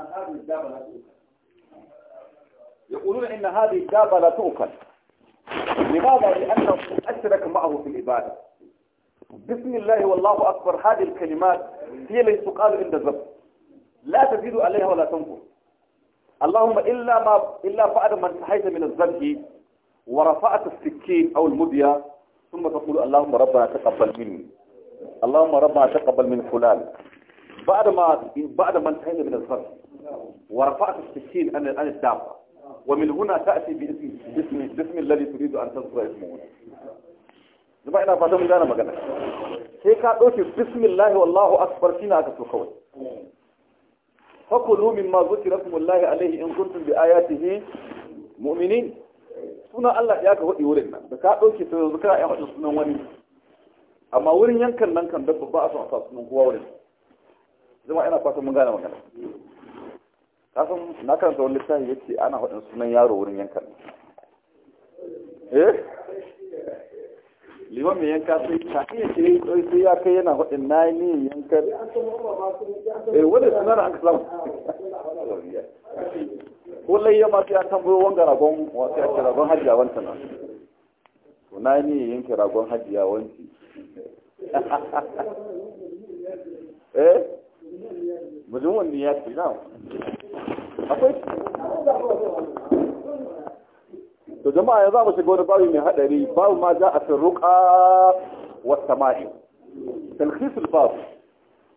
أن هذه الدابة لا تؤكل يقولون إن هذه الدابة لا تؤكل لماذا؟ لأنه أشرك معه في العبادة بسم الله والله أكبر هذه الكلمات هي التي تقال عند الذبح لا تزيد عليها ولا تنقص اللهم إلا ما إلا بعد ما انتهيت من الذبح ورفعت السكين أو المدية ثم تقول اللهم ربنا تقبل مني اللهم ربنا تقبل من فلان بعد ما بعد ما انتهينا من الفرد ورفعت السكين عن عن الدابة ومن هنا تأتي باسم باسم الاسم الذي تريد أن تذكر اسمه هنا ina fata mun gane magana sai ka ɗauke bismillahi wallahu akbar kina aka so kawai fakulu mimma zukira kumullahi alaihi in kuntum bi ayatihi mu'minin suna Allah ya ka wadi wurin nan da ka ɗauke sai yanzu kana yan wadin sunan wani amma wurin yankan nan kan dabba ba a son a sa sunan kowa wurin zama ina fatan mun gane magana na karanta wani littafi ya ana haɗin sunan yaro wurin yanka eh liman mai yanka sai kafin ya ce sai ya kai yana haɗin na yi niyan yanka eh wanda suna da an kasa ko layya ma ya tambayo wanga ragon wasu ya ce ragon hajiya wanta na to na yi niyan yanka ragon hajiya wanci eh بدون نيات wa? akwai to jama'a ya za mu shiga wani babu mai hadari babu ma za a fi ruƙa wa sama'i talhisul babu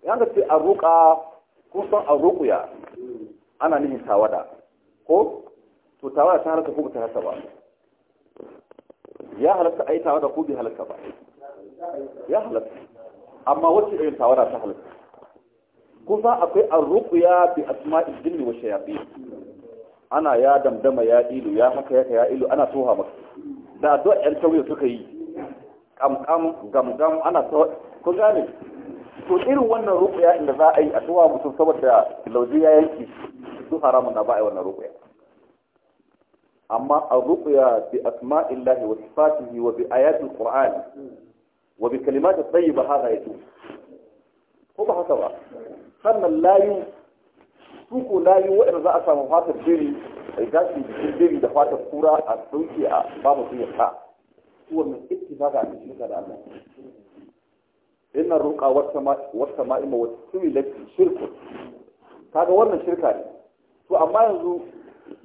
ya ga ce a ruƙa kusan a ruƙuya ana nihin tawada ko to tawada ta halatta ko ta halatta ba ya halatta a yi tawada ko bai halatta ba ya halatta amma wacce irin tawada ta halatta kusa akwai rukuya bi asma'i jinni wa shayatin ana ya damdama ya ilu ya haka ya ya ilu ana toha maka da addu'a yan tauye suka yi kamkam gamgam ana to ko gane to irin wannan rukuya inda za a yi a toha mutum saboda lauzi ya yanki su haramun na ba a yi wannan rukuya amma rukuya bi asma'illahi wa sifatihi wa bi ayatil qur'an wa bi kalimati tayyiba hada yatu ko ba haka ba sannan layu su ko layu waɗanda za a samu fatar a yi gashi jikin jiri da fatar kura a ɗauke a ba mutum ya sa su wannan za a cikin ka da Allah Ina ruqa wata ma'ima wata lafi shirku kaga wannan shirka ne to amma yanzu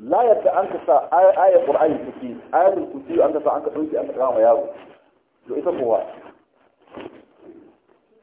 la yadda an ka sa ayar suke ayar da kursi an ka sa an ka ɗauki an ka kama yaro to ita kowa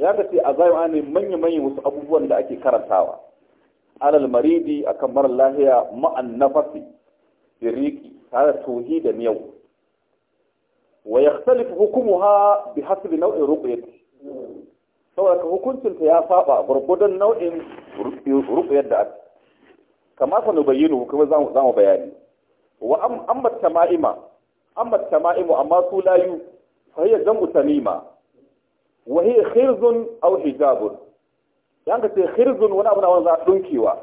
ya ka ce a zai ne manya-manyan wasu abubuwan da ake karantawa alal maridi akan mara lahiya ma'an nafasi diriki tare tohi da miyau wa ya hukumu hukumuha bi hasbi nau'in ruqyati saboda hukuncinta ya saba gurgudan nau'in ruqyar da ake. kama sa nubayyinu kuma hukumar mu bayani wa amma tama'ima amma tama'imu amma su layu fa hiya jam'u tamima wa hiya khirzun aw yanka ce khirzun wani abu na wani a dunkewa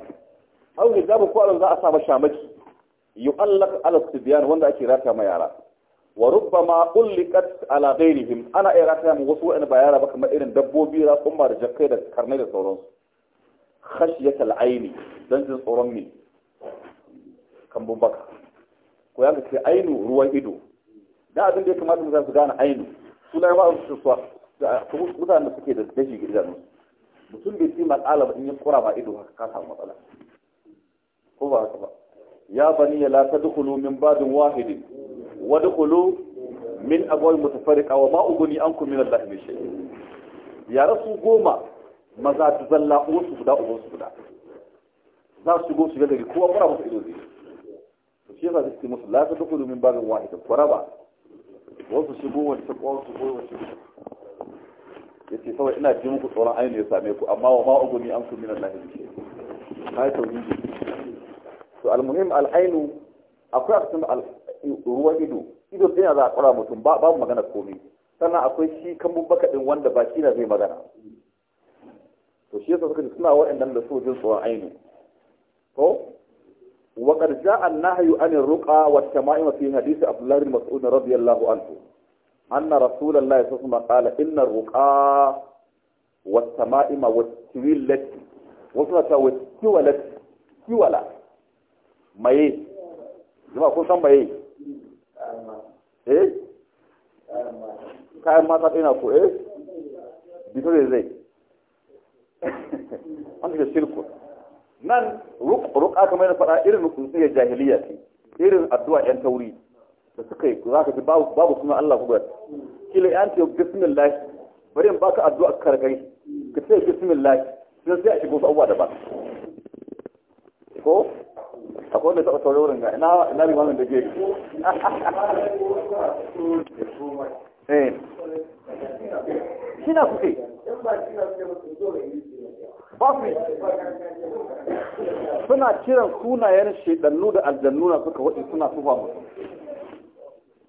aw hijabun ko abin za a sa masa maki yu'allaq ala sibyan wanda ake rata ma yara wa rubbama ulliqat ala ghairihim ana iya rata ma wasu wa'anda ba yara ba kamar irin dabbobi ra kuma da jakkai da karnai da sauransu khashyat al-aini dan jin baka ko yanka ce ainu ruwan ido da abin ya kamata mu za su gane ainu ba su mutanen da suke da dashi idanu mutum bai ci matsala ba in yi kura ba ido haka kasa samu matsala ko ba haka ba ya bani ya la tadkhulu min babin wahidin wa dkhulu min abwaabin mutafarriqa wa ma ughni ankum min Allah min shay ya rasu goma maza ta zalla uwarsu guda uwarsu guda za su shigo su gari kowa fara musu ido zai shi yasa suke musu la tadkhulu min babin wahidin kura ba wasu shigo wani ta kwawo su goyi wani yace saboda ina ji muku tsoron ayin ya same ku amma wa ma ni an su min Allah ne kai tauhidi to almuhim al'ainu akwai abin ruwan ido ido ɗaya za a ƙura mutum ba mu magana komai sannan akwai shi kamun bakaɗin wanda ba shi na zai magana to shi yasa suka ji suna waɗannan da sojin tsoron Ko, to وقد جاء an عن الرقى والشمائم wa حديث عبد الله بن مسعود رضي الله Anhu. anna rasulullahi sallallahu alaihi qala inna ruqa was ma was tiwilat wasu ta was tiwalat tiwala maye jama'a kun san maye eh kayan mata ina ko eh bito da zai an daga shirku nan ruqa kamar na faɗa irin rukunsu ya jahiliya ce irin addu'a 'yan tauri da suka yi za ka ji babu suna Allah gubar kila yan ce bismillah bari in baka addu'a karkai ka ce bismillah sai sai a shigo abubuwa da ba ko akwai wanda taɓa saurin wurin ga ina ina min da ke yi eh. shina kuke ba su suna kiran sunayen shedannu da aljannuna suka waɗi suna tufa musu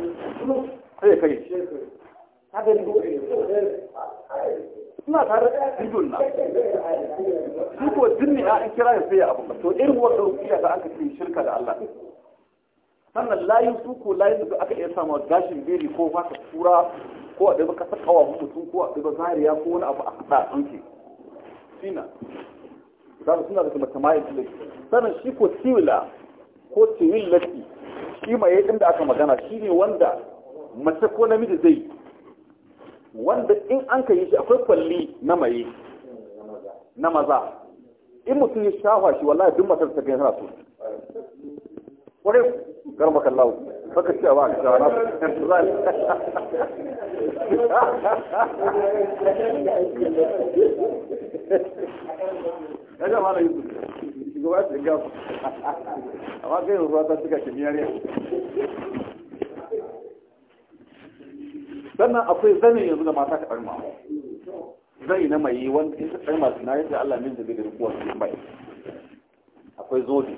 sai kai na su kira ya sai to irin da aka ce shirka da Allah sannan layin su layin da aka iya samu gashin beri ko fata tura ko a ɗaba kasar kawa mutum ko a ɗaba zariya ko wani abu a haɗa a tsinke sina za su suna da kuma tamayin sannan shi ko tiwila ko kima ya inda aka magana shine wanda mace ko namiji zai wanda in an ka yi shi akwai kwalli na maye na maza in mutum ya shafa shi wallahi duk matar ta gani so kwarai garba kallahu baka ce ba ka na Ya jama'a na Yusuf. shugaba su gafa amma kai ruwa ta suka shi sannan akwai zanin yanzu da mata kaɗar ma zai na mai yi wanda in kaɗar masu na yadda Allah min zabi da rikuwa su mai akwai zobe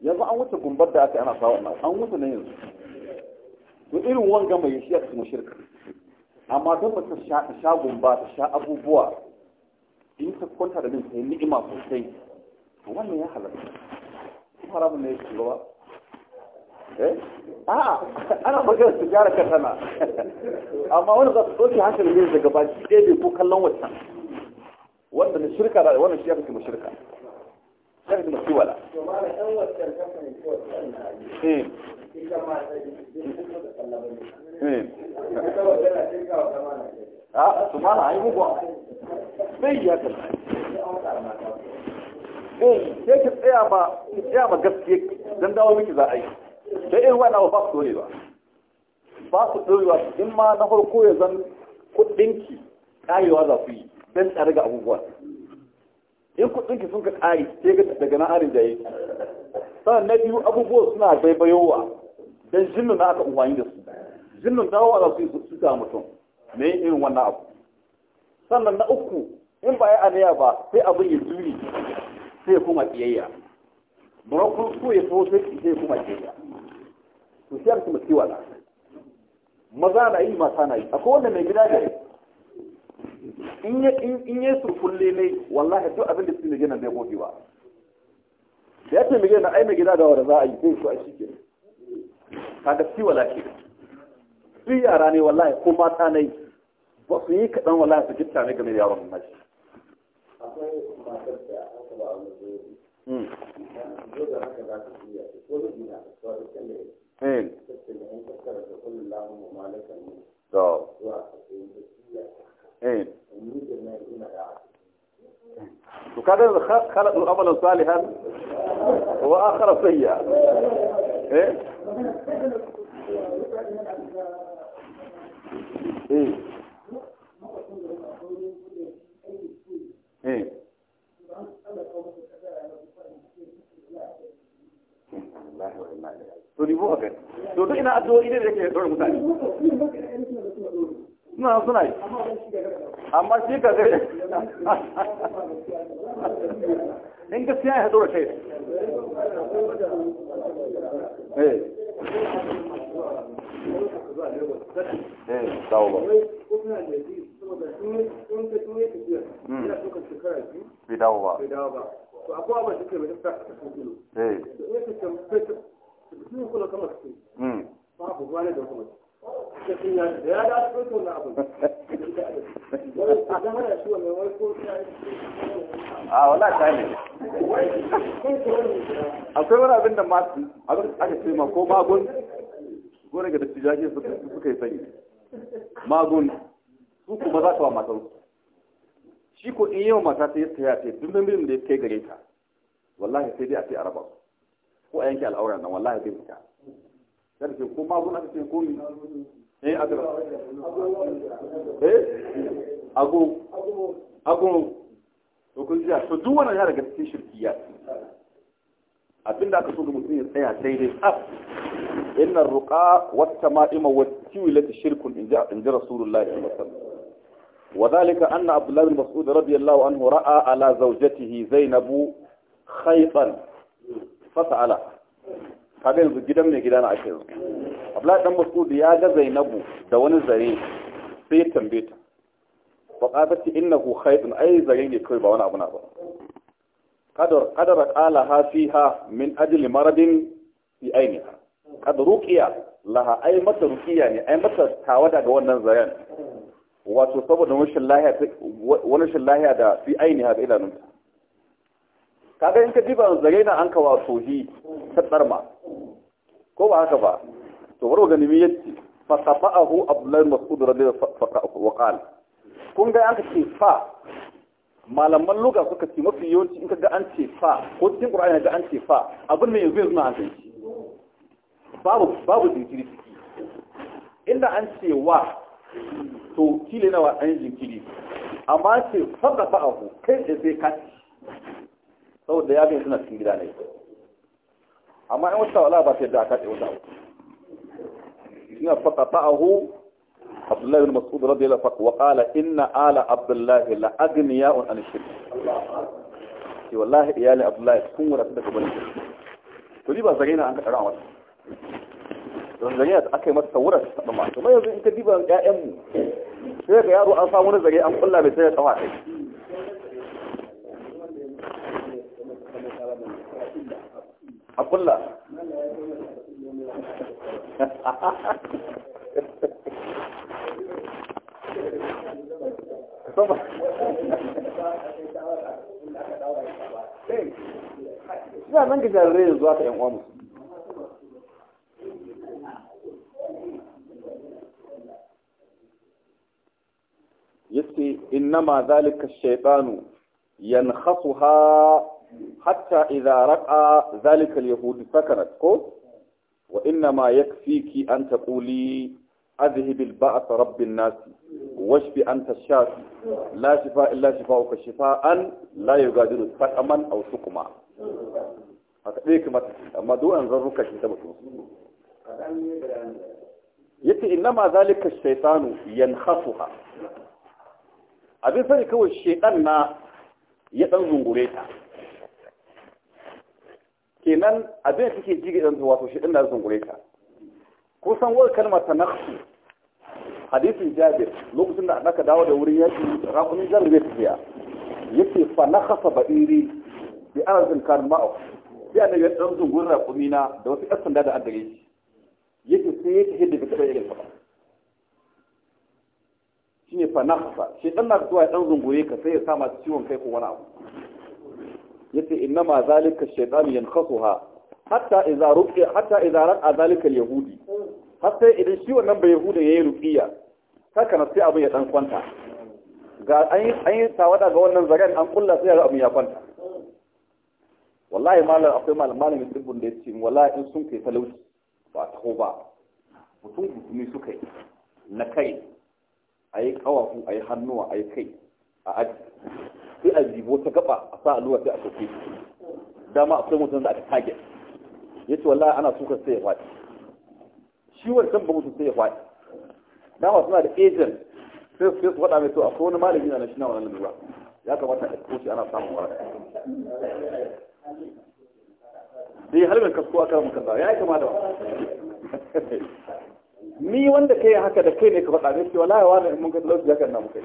yanzu an wuce gumbar da aka ana sawa na an wuce na yanzu to irin wanga mai shi a cikin shirka amma don mutum sha gumba ta sha abubuwa in ta kwanta da min sai ni'ima sosai wannan ya halatta haramun ne yake ba eh a'a ana magana su gyara katana amma wani za su hankali ne daga baki ɗaya ko kallon wancan wanda na shirka da wannan shi ya fi shirka ya fi masu wala a su mana a yi mugu bai ya kalla Eh, sai ki tsaya ma tsaya ma gaskiya dan dawo miki za a yi sai irin wannan ba su dorewa ba su dorewa in ma na farko ya zan kuɗinki karewa za su yi dan tsare ga abubuwa in kuɗinki sun ka kare sai ga daga nan arin jaye sannan na biyu abubuwa suna baibayowa dan jinnun na aka umarni da su jinnun dawo za su yi su ta mutum me irin wannan abu sannan na uku in ba ya anaya ba sai abin ya juri sai kuma koma tsiyayya maimakon so ya so sai sai kuma koma tsiyayya to sai kuma kiwa na maza na yi mata na yi akwai wanda mai gida gare in yi in ya surkulle wallahi duk abin da su mai gina mai gobewa da ya ce mai gina ai mai gida da wanda za a yi sai su a shi ke kaga kiwa lafiya su yara ne wallahi ko mata na yi ba su yi kaɗan wallahi su gitta ne game da yaron mashi Akwai matar da وكان خلق عملا صالحا واخر سيئا ايه ايه ايه to ribo to duk ina da yake tsoron mutane suna suna yi amma shi ka zai in gaskiya ya tsoron eh eh tsawo ba saboda hmm. in ka dawo ba ba mai a cikin eh to in ka su hmm. wani da kuma ya da ya da su to na da shi ko ta a wala ta ne akwai wani abin da ma abin aka ce ma ko magun gona ga da tijaje suka yi sani magun su kuma za su wa matan shi ko in yawan mata ta yi tsaya ta duk namijin da ya kai gare ta wallahi sai dai a ce a raba ko a yanke al'aura nan wallahi zai fita sai ce ko ma gona ce ko mi eh agra eh ago ago to kun ji to duk wannan ya daga cikin shirkiya abin da aka so ga mutum ya tsaya daidai tsaf inna ruqa wata ma'ima wa tiwilati shirkun in ji rasulullahi sallallahu alaihi wasallam وذلك أن Abdullahi الله بن مسعود رضي الله عنه رأى على زوجته زينب خيطا kaga yanzu gidan mai gidana ake yanzu abdullahi dan masud ya ga zainabu da wani zare sai ya tambaye ta fa qalat innahu khaytun ai zare ne kai ba wani abu na ba kadar kadar qalaha فيها min ajli مرض في عينها قد ruqiya laha ai mata ruqiya ne ai mata tawada ga wannan zayan wato saboda wannan lahiya wannan lahiya da fi ainiha da kaga in ka diba zagaina an ka wato hi ta tsarma ko ba haka ba to baro gani me yace fa safa'ahu abdullahi mas'ud radiyallahu anhu wa qala kun ga an ka ce fa malaman luga suka ce mafi yawanci in ka ga an ce fa ko cikin qur'ani ga an ce fa abin mai yanzu yanzu na hankali babu babu jinkiri ciki inda an ce wa to kile nawa an jinkiri amma an ce a ku kai da sai ka saboda ya bin suna cikin gida ne amma in wata wala ba ta yadda aka ce wata ina fada fa'ahu عبد الله بن مسعود رضي الله عنه وقال إن آل عبد الله لا أغنياء عن الشرك والله يا لي عبد الله كن ورثتك بني تولي با زغينا أنك ترى عمر زغينا أكي ما تصورت ما يزي إنك ديبا يا أم سيك يا رو أنفا مونا زغي أم قلنا بسيك أواحي أقول لا Ina nan ga jarirai da zuwa ka ‘yan uwa yace innama zalika shaytanu yankhasuha hatta idha raqa zalika alyahud sakarat ko wa ma yakfiki an taquli أذهب البأس رب الناس واشفي أنت الشافي لا شفاء إلا شفاءك شفاء لا يقادر فأما أو سكما أتأذيك ما أما دو أنظرك شتبك يتي إنما ذلك الشيطان ينخفها أبي فريك هو الشيطان ما يتنظم غريتها كينان أبي فريك يجيك أنت واتو الشيطان ما يتنظم kusan wani kalmar ta naqsu hadisin jabir lokacin da aka dawo da wurin yaki rakumin jabir ya tafiya yake fa na nakhasa ba'iri bi arzin kan ma'a sai annabi ya dan zungun na da wasu kasan da da addare shi yake sai yake hidda bi kai irin fa shine fa nakhasa shi dan na zuwa ya dan zungure ka sai ya sa masu ciwon kai ko wani abu yace ma zalika shaytan yankhasuha hatta idza ruqi hatta idza ra'a zalika al-yahudi hatta idan shi wannan bai yahuda yayi ruqiya haka sai abin ya dan kwanta ga an yi an yi tawada ga wannan zagan an kulla sai ga abin ya kwanta wallahi malam akwai malam malamin dubun da yace wallahi in sun kai talauci ba taho ba mutum mutumi suka yi na kai ayi kawafu ayi hannuwa ayi kai a aji sai a jibo ta gaba a sa aluwa sai a soke dama akwai mutum da aka target ya ce wallahi ana tukar sai ya faɗi shi wancan ba mutu sai ya faɗi dama suna da agent sai su su faɗa mai to akwai wani malami na shi na wannan lura ya kamata a koshi ana samun wara ya halin kasko aka muka sa ya kamata ni wanda kai haka da kai ne ka faɗa ne ce wallahi wani mun ga talauci kan na muka yi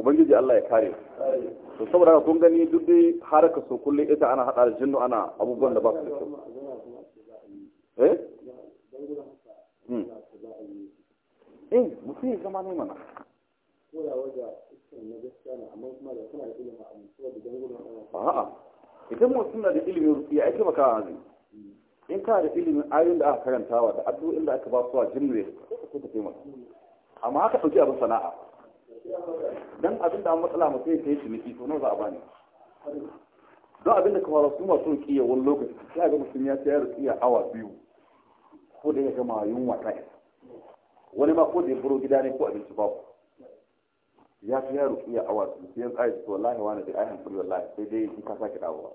ubangiji Allah ya kare to saboda kun gani duk dai haraka su kullum ita ana hada da jinnu ana abubuwan da ba su da kyau eh hmm. eh mutum ya zama ne mana a'a idan mutum na da ilimin rufiya ya taimaka a hannu in ka da ilimin ayoyin da aka karantawa da addu'o'in da aka ba su a jinnu ya taimaka amma haka ɗauki abin sana'a dan abin da an matsala mutum ya yi ciniki to nawa za a bani don abin da kamar su masu kiya wani lokaci sai ga mutum ya tsaya kiya awa biyu ko da ya gama yunwa ta isa wani ma ko da ya buro gida ne ko abinci babu ya tsaya yaro awa biyu sai ya to wallahi wani da ai hankali wallahi sai dai in ka sake dawowa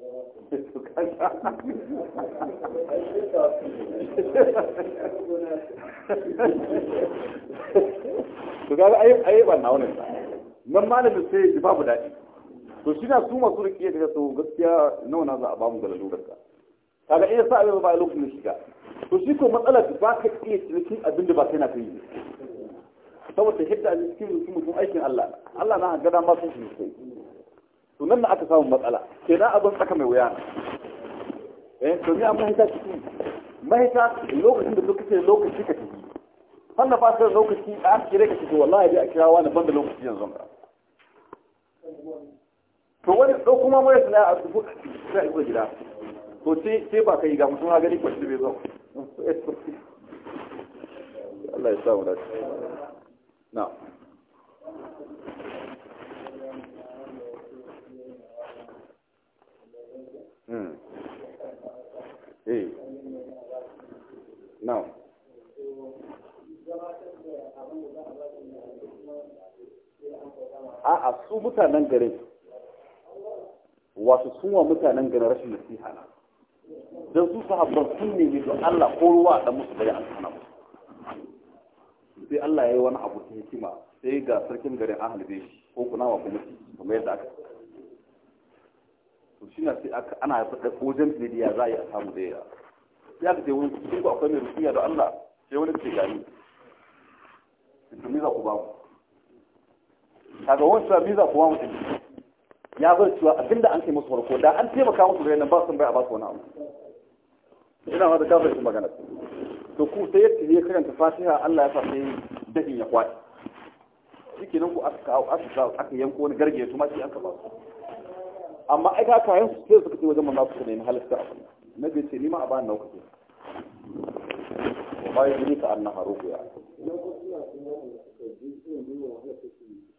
to kaga ayi ban nawo ne nan malamin sai ji babu daɗi to shi na su masu riƙe da to gaskiya nawa na za a bamu ga lalurar ka kaga ina sa abin ba lokacin shiga to shi ko matsalar ba ka iya cinikin abin da ba kai na kai saboda hidda a cikin mutum aikin Allah Allah na gada ma sun shi sai Sunan na aka samu matsala na abin tsaka mai wuya eh to ni amma hita cikin mahita lokacin da suka ce lokaci ka tafi har ba sai lokaci a an kire ka tafi wallahi dai a kira wani banda lokaci yanzu ba to wani ko kuma mai suna a su tafi sai ko gida to sai sai ba kai ga mutum ha gani shi bai zo Allah ya samu dace na'am a'a su mutanen garin wasu sun wa mutanen garin rashin nasiha na don su haɓar sun nemi don Allah ko ruwa da musu bayan an sana musu sai Allah ya yi wani abu ta hikima sai ga sarkin garin a halibe, shi ko kuna wa kuma kamar yadda aka to shi na sai aka ana faɗa wajen bidiya za a yi a samu da yara sai aka ce wani kuma akwai mai rufiya da Allah sai wani ce gani domin za ku ba kaga wancan biza kuwa mutum ya bar cewa abinda an kai musu farko da an taimaka musu da nan ba su bai a ba su wani abu ina ma da kafin su magana to ku sai yadda ne karanta fatiha Allah ya sa sai dahin ya kwaɗi shike nan ku aka kawo aka kawo aka yanko wani garge to ma shi an su amma ai ka kayan su sai suka ce wajen manzo su ne a kuma. na bai ce ni ma a ba nan ce. ba yi ka ku ya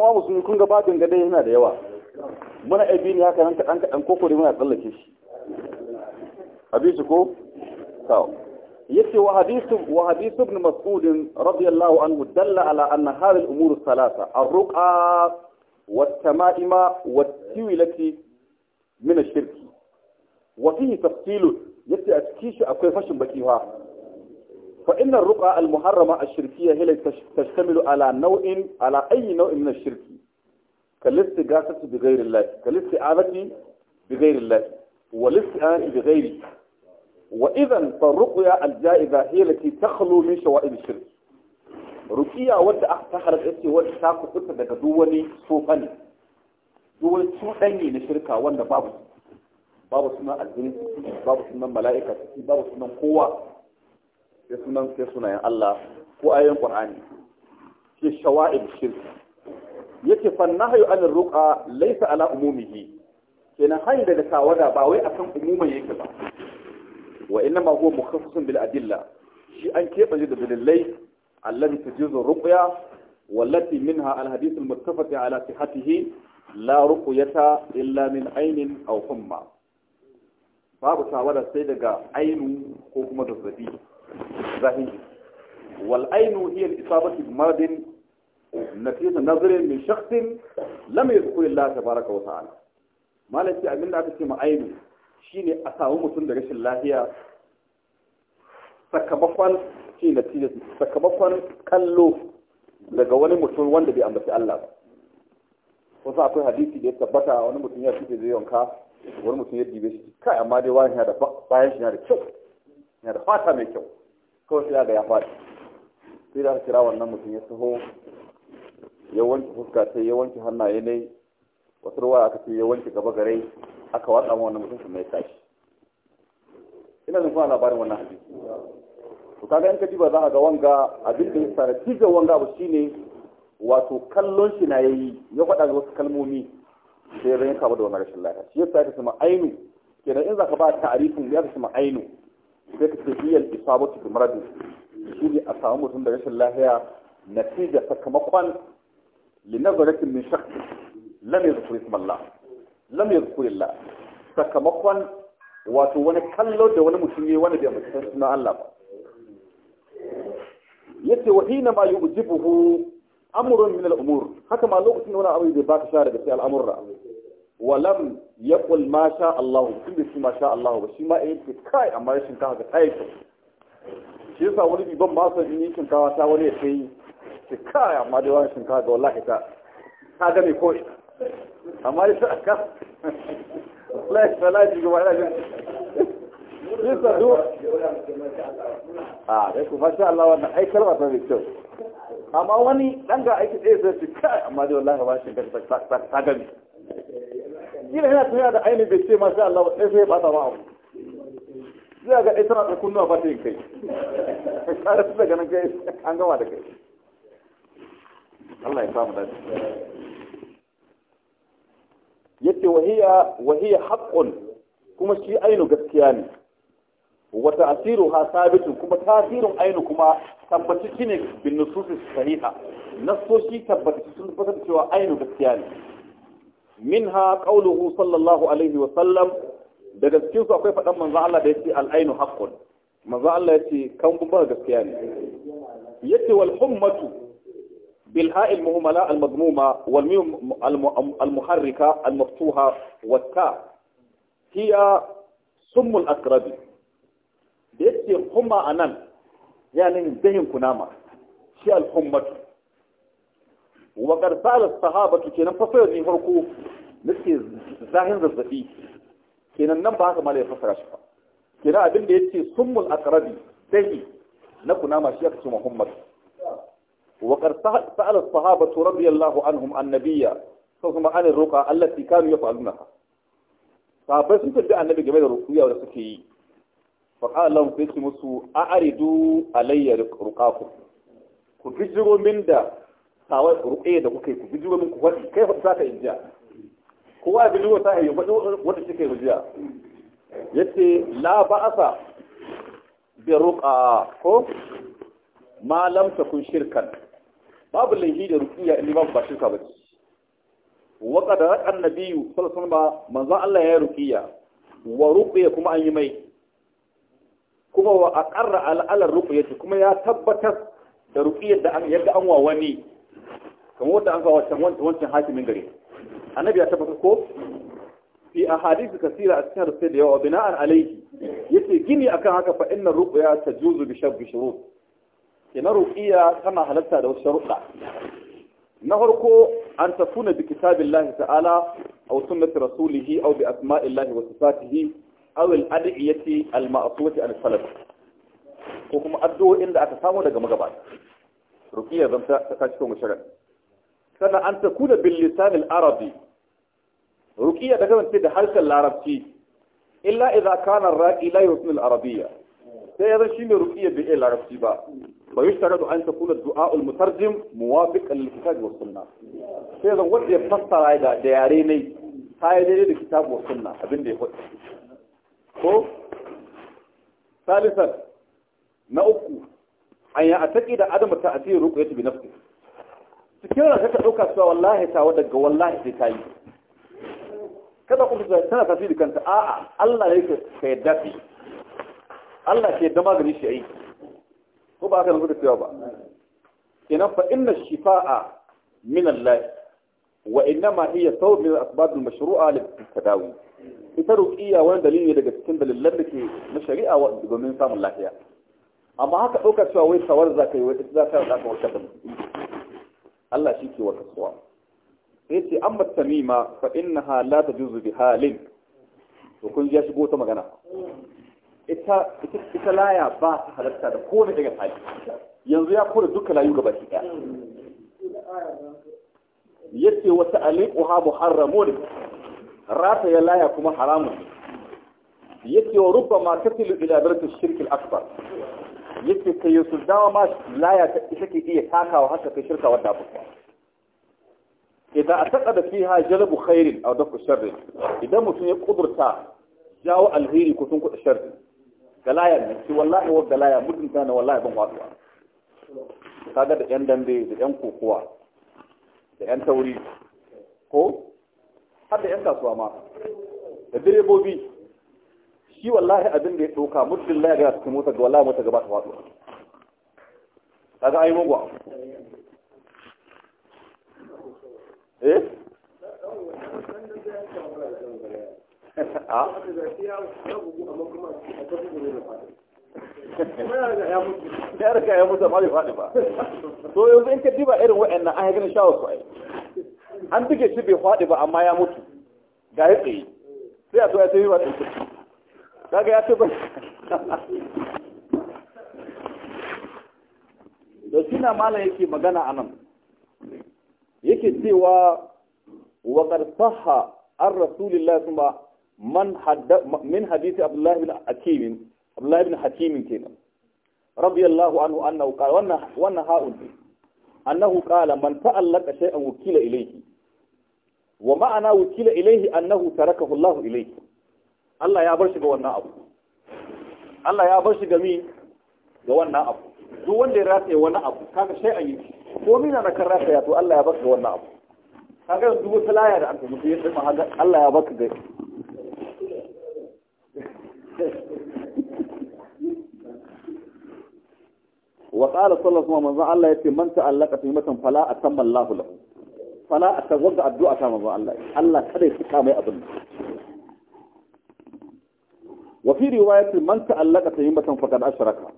yan uwa musulmi kun ga babin gade yana da yawa muna abi ne haka nan kaɗan kaɗan ko kuri muna tsallake shi hadisi ko sawa yace wa hadisu wa hadisu ibn mas'ud radiyallahu anhu dalla ala anna hadhihi al-umur thalatha ar-ruqa wa at-tama'ima wa at-tiwilati min ash-shirk wa fihi tafsil yace a cikin shi akwai fashin bakiwa فإن الرقعة المحرمة الشركية هي التي تشتمل على نوع على أي نوع من الشرك كالاستغاثة بغير الله كالاستعانة بغير الله والاستعانة بغيره وإذا فالرقية الجائزة هي التي تخلو من شوائب الشرك رقية wadda aka taharar ita wadda ta kusurta daga duwani tsofani duwani tsofanyi na shirka wanda babu babu sunan aljini babu sunan mala'ika babu sunan kowa sai sunan sai sunayen Allah ko ayoyin Qur'ani ke shawa'ib shirk yake fa nahyu an ruqa laysa ala umumihi kenan da ta wada ba wai akan umuman yake ba wa inna ma huwa mukhaffasun bil adilla shi an keɓe da dalilai allazi tujizu ruqya wallati minha al hadith al muttafaq ala sihhatihi la ruqyata illa min aynin aw humma babu tawada sai daga ainu ko kuma zazzabi zahiri wal ainu hiya al isabatu bi maradin natija nazarin min shakhsin lam yadhkur Allah tabaraka wa ta'ala malaki abinda aka ce ma ainu shine a samu mutum da rashin lafiya sakamakon kallo daga wani mutum wanda bai ambaci Allah ba wasu akwai hadisi da ya tabbata wani mutum ya fice zai yanka wani mutum ya dibe shi kai bayan kyau da fata mai kyau kawai sai ga ya faɗi sai da kira wannan mutum ya taho ya wanke fuska sai ya wanke hannaye ne wasu ruwa aka ce ya wanke gaba gare aka watsa ma wannan mutum su mai tashi ina zan kuma labarin wannan hadisi to kaga in ka ba za ka ga wanga abin da ya sa na wanga abu shine wato kallon shi na yayi ya faɗa ga wasu kalmomi sai ya yanka da wannan rashin lafiya shi yasa ya sama ainu kenan in za ka ba ta'arifin ya sama ainu sai ka ce hiyar isabatu bi maradi su ne a samu mutum da rashin lahiya natija sakamakon linazaratin min shakki lam yadhkur la lam yadhkur illah sakamakon wato wani kallo da wani mutum ne wani bai mutum suna Allah ba yace wa hina ma yujibuhu amrun min al-umur haka ma lokacin wani abu da baka share da sai al'amurra walam ya kul ma sha Allah tun da shi ma sha Allah ba shi ma eh ce kai amma rashin ka ga tayi shi yasa wani biban ma sa ni ta wani ya shi ka kai amma da wani shin wallahi ta ta ga ko amma ya sa ka wallahi salaji ga shi yasa do a ah, da ku sha Allah wannan ai kalma mai kyau amma wani dan ga aiki ɗaya zai ce kai amma da wallahi ba ta ga kila yana tafiya da ainihin bai ce masha Allah ba sai ba ta ba abu zai ga ɗaya tana kunnuwa ba ta yin kai kare su daga nan kai an gama da kai Allah ya samu dace yace wahiya wahiya haƙƙun kuma shi ainihin gaskiya ne wata asiru ha sabitun kuma tasirin ainihin kuma tabbaci shi ne bin nusus sahiha nasoshi tabbaci sun tabbatar cewa ainihin gaskiya ne منها قوله sallallahu alaihi wa sallam daga cikin su akwai faɗan manzo Allah da yace al-ainu haqqun manzo Allah yace kan gumba gaskiya ne yace wal hummatu bil ha'il muhmala al madmuma wal mim al muharrika al maftuha wat ta hiya summ al akrab yace humma anan yani dahin kunama shi al hummatu wa karsala sahabatu kenan fasara ne farko nake zahin zazzabi kenan nan ba haka malai fasara shi ba kenan abin da yace summul aqrabi Sahi, na kunama shi aka ce muhammad wa karsala sahabatu radiyallahu anhum annabiyya sau kuma an roƙa Allah ti kanu ya faru fa'aluna sahabbai sun tafi annabi game da rukuya da suke yi faƙalan sai ce musu a aridu alayya rukaku ku bijiro min da kawai ruɗe da kuka yi ku bijiwa min ku faɗi kai faɗi sa ka jiya kowa ya bijiwa sa ya faɗi wanda shi ka yi jiya ya ce la ba'asa bi ruƙa ko ma lamta kun shirkan babu laifi da ruƙiya in babu ba shirka ba ce waka da raƙan biyu salasun ba manzan Allah ya yi ruƙiya wa ruƙiya kuma an yi mai kuma wa al'alar ala ce kuma ya tabbatar da ruqiyar da yadda an wa wani kamar wata an kawo wancan hakimin gari annabi ya tabbata ko fi ahadith kasira a cikin rufe da yawa bina'an alaihi yace gini akan haka fa inna ruqya tajuzu bi shartu shurut kina ruqiya tana halatta da wasu sharuɗa na farko an tafuna bi kitabillahi ta'ala aw sunnati rasulihi aw bi asma'illahi wa sifatihi aw al-ad'iyati al-ma'sufati an ko kuma addu'o'in da aka samu daga magabata Rukiya zan ta cikin musharar sannan an takuna bil lisan al arabi ruqiyya da kasance da harshen larabci illa idza kana ar-raqi la yusmi al arabiyya sai ya zan shine ruqiyya bil larabci ba ba yushtaradu an takuna du'a al mutarjim muwafiqan lil kitab wa sunnah sai zan wanda ya fassara da da yare ne ta yi daidai da kitab wa sunnah abin da ya faɗi ko salisan na uku an ya ataki da adamu ta asiri ruku ya tabi nafsi cikin rana ta ɗauka cewa wallahi ta wadda ga wallahi sai ta yi kada ku fita tana tafi da kanta a'a Allah ne ka yadda fi Allah ke yadda magani shi aiki ko ba aka da cewa ba ina fa inna shifa'a min Allah wa inna ma hiya sawb min asbab al-mashru'a lil tadawi ita ruqiya wani dalili daga cikin dalilan da ke na shari'a domin samun lafiya amma haka ɗaukar cewa wai sawar za ka yi wai za ta za ka warka da Allah shi ke wata suwa sai ce an bat tamima fa innaha la tajuzu bi halin to kun ji ya shigo ta magana ita ita laya ba ta halatta da kowane daga hali yanzu ya kore duka layu gaba ki daya yace wa ta'liquha muharramun rata ya laya kuma haramun yake wa rubba ma tasilu ila darki shirkin akbar yake yi su dawa ma laya ta ita ke iya takawa haka kai shirka wadda abu idan a taɓa da fiha jalabu khairin a dafu sharrin idan mutum ya kudurta jawo alheri ko sun kuɗa sharri ga layar ne shi wallahi wa galaya ta na wallahi ban wasuwa kaga da yan dambe da yan kokowa da yan tauri ko har da yan kasuwa ma da direbobi shi wallahi abin da ya ɗauka mutum laya ga cikin mota ga wallahi mota gaba ta faɗo kaga ai mugwa eh ah? ya riga ya mutu amma bai faɗi ba so yanzu in ka diba irin wa'annan an haifin shawar su ai an duke shi bai faɗi ba amma ya mutu ga ya tsaye sai a to ya tsaye ba tsaye kaga ya taba da shine malam yake magana anan yake cewa wa qad sahha an rasulillah kuma man min hadisi abdullah ibn hakim abdullah ibn hakim kenan radiyallahu anhu annahu qala wannan wannan ha'un annahu qala man ta'allaka shay'an wukila ilayhi wa ma'ana wukila ilayhi annahu tarakahu allah ilayhi Allah ya bar shi ga wannan abu Allah ya bar shi ga ga wannan abu duk wanda ya rataye wani abu kaga sai an yi ko mina na kan rataya to Allah ya bar shi ga wannan abu kaga yanzu wata laya da aka mutu ya tsima Allah ya bar ka ga wa qala sallallahu alaihi wasallam Allah ya yace man ta'allaka fi matan fala atamma Allahu lahu fala a atawga addu'a ta manzo Allah Allah kada ya fita mai abin fi riwayatin man ta'allaka tayyibatan faqad asharaka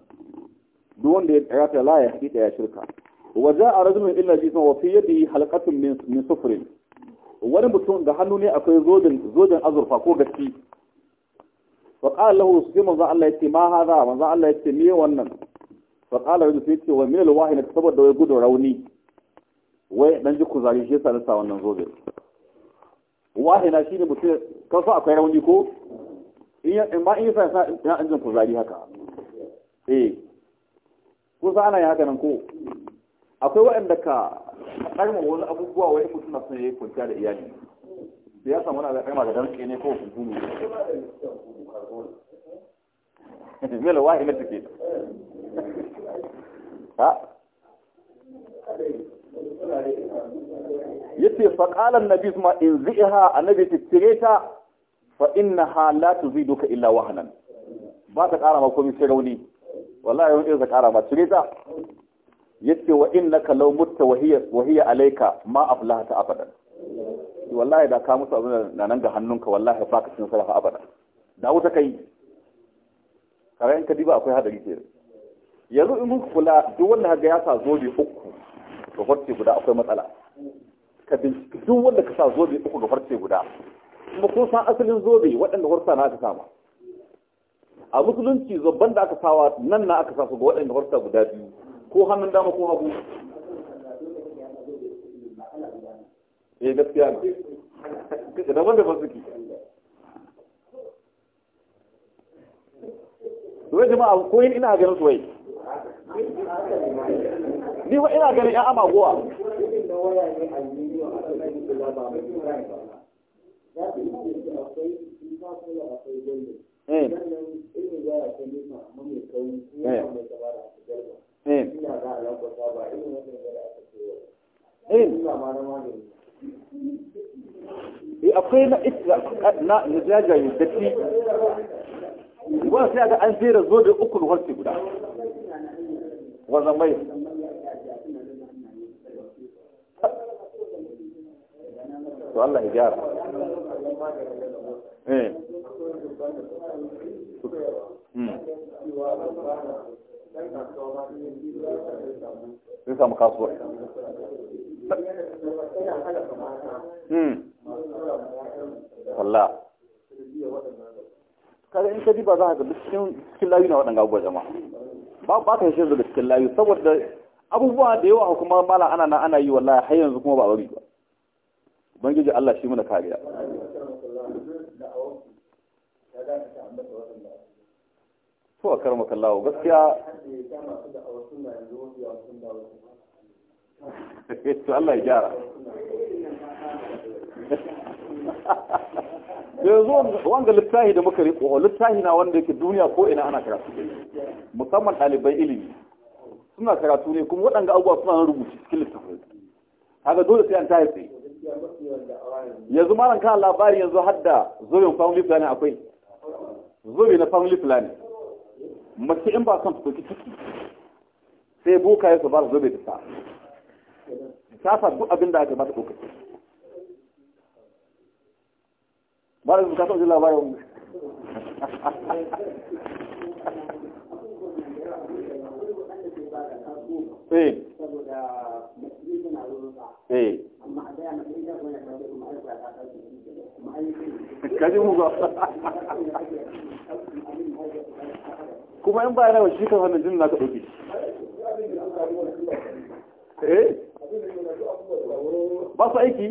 duk wanda ya rata la ya haƙiƙa ya shirka wa ja'a rajulun illa bi wa fi yadihi halqatun min min sufrin wani mutum da hannu ne akwai zodin zodin azurfa ko gaski wa qala lahu sai manzo Allah yace ma hadha manzo Allah yace me wannan fa qala rajul sai yace wa mil wahina saboda wai gudu rauni wai dan ji kuzari shi yasa nasa wannan zodin wahina shine mutum kan akwai rauni ko in ba in yi sa ya an jin kuzari haka eh ko sa ana yi haka nan ko akwai waɗanda ka karma wani abubuwa wani mutum na son yi kwanciya da iyali ya samu wani karma da danske ne ko kunkunu mela wahi na take ha yace faqala annabi kuma in zi'ha annabi tireta fa inna ha la tuziduka illa wahanan ba ta kara ma sai rauni wallahi wani zai ƙara ba cire ta yace wa innaka law mutta wa hiya wa hiya alayka ma aflahata abadan wallahi da ka musu abin da nan ga hannunka wallahi ba ka cin sarrafa abadan da wuta kai kare in ka diba akwai hadari ke yanzu in muka kula duk wanda ga ya sa zobe uku ga farce guda akwai matsala ka binciki duk wanda ka sa zobe uku ga farce guda kuma kun san asalin zobe waɗanda horsa na aka sama a musulunci zobban da aka sawa nan na aka sasu ga waɗanda horsa guda biyu ko hannun dama ko hagu eh gaskiya ne wai jama'a ko yin ina ganin suwai ni wa ina ganin ya amagowa akwai na jajaye datti wani an da ukun guda mai to Allah ya gyara zai samu kasuwa wallah kada in ka ba za ka ga cikin layu na waɗanda abubuwa jama'a ba ka shi daga cikin layu saboda abubuwa da yawa kuma mala ana na ana yi wallahi har yanzu kuma ba bari ba ubangiji Allah shi muna kariya to a karma kallawo gaskiya to Allah ya gyara yanzu wanda littahi da muka riko littahi na wanda yake duniya ko ina ana karatu musamman ɗalibai ilimi suna karatu ne kuma waɗanda abubuwa suna rubuce cikin littafin haka dole sai an tayi tsaye yanzu malam kan labari yanzu hadda zobin family planning akwai zobe na family planning mace in ba son fuskoki ciki sai boka ya su ba zobe ta sa ta sa duk abin da aka ba ta ɗaukaki ba da bukatar jin labarin Eh. Saboda mutum yana wurin Eh. kaji mu ba kuma in ba yana wa shi kan wannan na naka ɗauke eh ba su aiki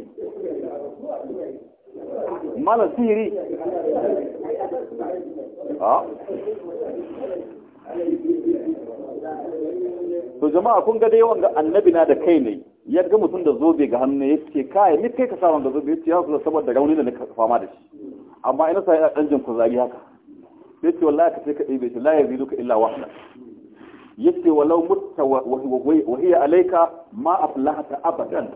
mana sihiri a ah. to jama'a kun ga dai wanga annabi na da kai ne ya ga mutum da zobe ga hannu ya ce kai ni kai ka sa wanda zobe ya ce ya saboda rauni da nika fama da shi amma ina sa ina dan jin kuzari haka ya ce wallahi ka ce ka ɗebe shi la ya zidu ka illa wahda ya ce walau mutta wa hiya alaika ma aflahata abadan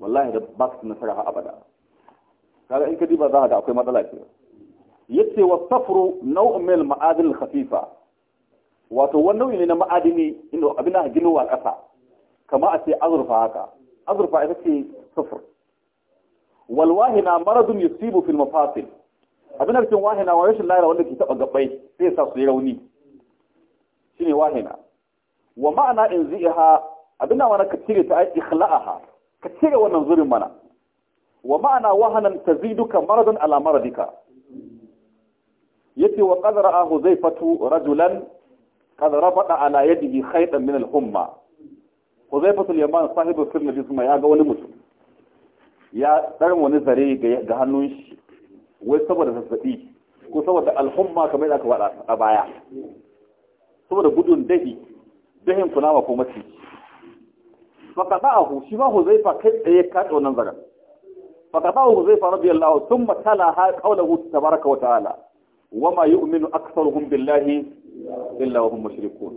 wallahi da ba su nasara ha abada kaga in ka diba za ga akwai matsala ce yace wa safru nau'un min al-ma'adin khafifa wato wannan nau'i ne na ma'adini inda abin da ginowa kasa kama a ce azurfa haka azurfa ita ce sufur wal wahina maradun yusibu fil mafasil abin da cikin wahina wa rashin lahira wanda ke taba gabai sai ya sa su yi rauni shine wahina wa ma'ana in ziha abin da wani ka cire ta ikhla'aha ka cire wannan zurin mana wa ma'ana wahanan taziduka maradun ala maradika yace wa qad zai fatu rajulan qad rafada ala yadihi khaytan min al-humma huzaifatul yaman sahibu sir nabi kuma ya ga wani mutum ya tsarin wani zare ga hannun shi wai saboda zazzabi ko saboda alhumma kamar yadda aka faɗa a baya saboda gudun dahi dahin kunama ko maciji faka ba'ahu shi ma huzaifa kai tsaye ka tsaye wannan zaren faka ba'ahu huzaifa radiyallahu sun matala ha kaulahu tabaraka wa ta'ala wama yu'minu aktsaruhum billahi illa wa hum mushrikun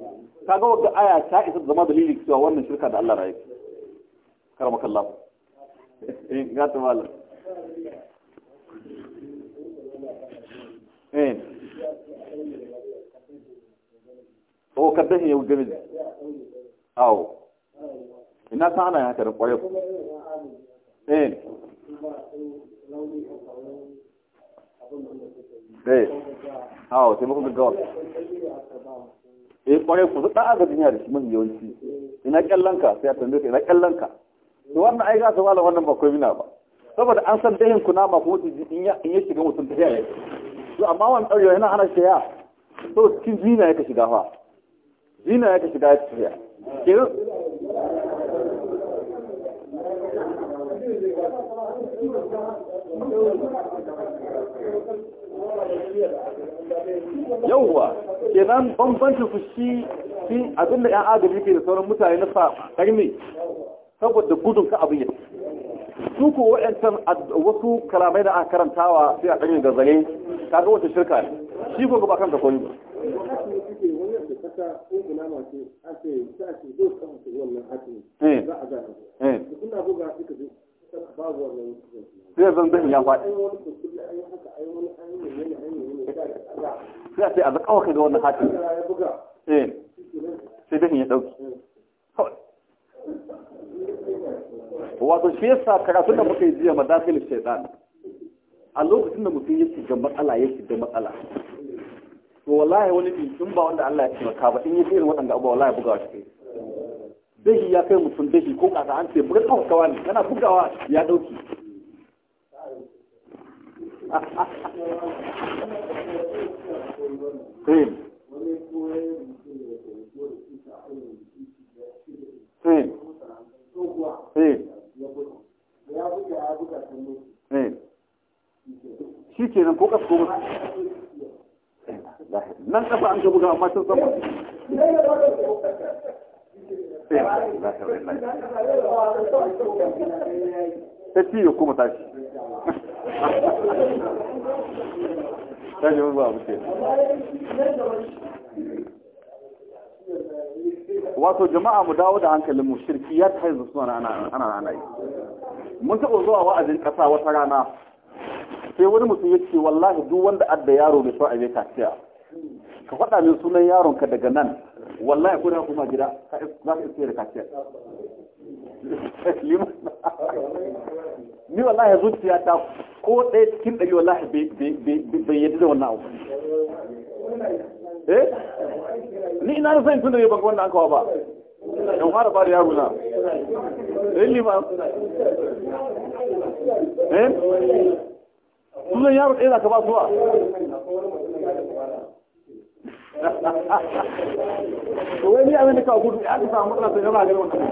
Ka ga wanda aya ta isa zama dalilin cewa wannan shirka da Allah rayu karmaka Allah eh ga ta wala eh o oh, gami ina ta ana ku eh eh eh kwarai ku dan ga duniya da shi mun yawanci ina kyallon sai a tambaye ina kyallon to wannan ai za su wala wannan ba komina ba saboda an san dahin kunama ko in ya shiga mutum da yaya to amma wannan dauyo yana hana shi ya to cikin zina ka shiga fa zina ka shiga ya tafiya Thank you. yauwa kenan bambancin su shi shi abinda yan agaji ke da sauran mutane na sa karni saboda gudun ka abin ya su ko wa'yancan wasu kalamai da aka karantawa sai a karni garzare ka ga wata shirka ne shi ko ba kanka koyi ba eh. eh. sai zan zan ya faɗi sai a ce a zaka waka ga wannan hatin eh sai dafin ya dauki wato shi yasa karatun da muka yi jiya madakil shaitan a lokacin da mutum ya shiga matsala ya shiga matsala to wallahi wani bi in ba wanda Allah ya maka ba in yi irin waɗanda abubuwa wallahi buga shi dahi ya kai mutum dahi ko kasa an ce buga kawai ne yana bugawa ya ɗauki shi ke nan ko nan kafa an buga amma sama kuma tashi ta ba wato jama'a mu dawo da hankalin mu shirki ya ta zuwa suna ana ana yi mun taɓa zuwa wa'azin ƙasa wata rana sai wani mutum ya ce wallahi duk wanda adda yaro mai so a yi kaciya ka faɗa min sunan yaron ka daga nan wallahi ko da kuma gida za ka iske da kaciya ni wallahi zuciya ta ko ɗaya cikin ɗari wallahi bai yadda da wannan abu eh ni ina da tun da bai banga wannan kawo ba in fara ba da yaro na eh ni ba eh tunan yaro ɗaya za ka ba suwa wai ni abin da kawo gudu ya ka samu matsala sai yana gari wannan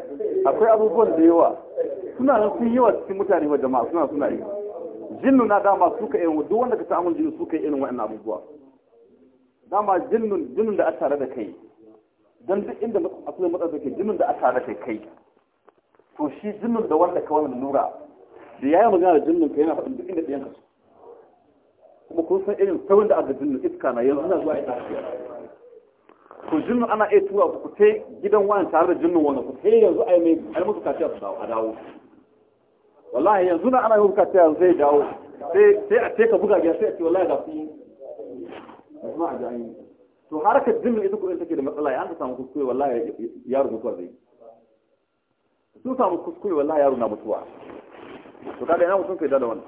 akwai abubuwan da yawa suna nan sun yawa cikin mutane wa jama'a suna suna yi jinnu na dama suka yi duk wanda ka samun jinnu ka yi irin waɗannan abubuwa dama jinnun jinnun da a tare da kai don duk inda asalin matsar da ke jinnun da a tare da kai to shi jinnun da wanda ka wannan nura da ya yi magana da jinnun ka yana faɗin duk inda ɗayan ka su kuma kun san irin saurin da aka jinnun iska na yanzu na zuwa ita ku jinnu ana iya tura ku ta gidan wani tare da jinnun wani ku sai yanzu a yi mai ai musu kaciya su a dawo wallahi yanzu na ana yi musu kaciya zai dawo sai a ce ka buga gida sai a ce wallahi ga ku kuma a jami'i to harkar jinnu ita kuɗin take da matsala ya an samu kuskure wallahi yaro mutuwa zai sun samu kuskure wallahi yaro na mutuwa to kada yana mutum kai da wannan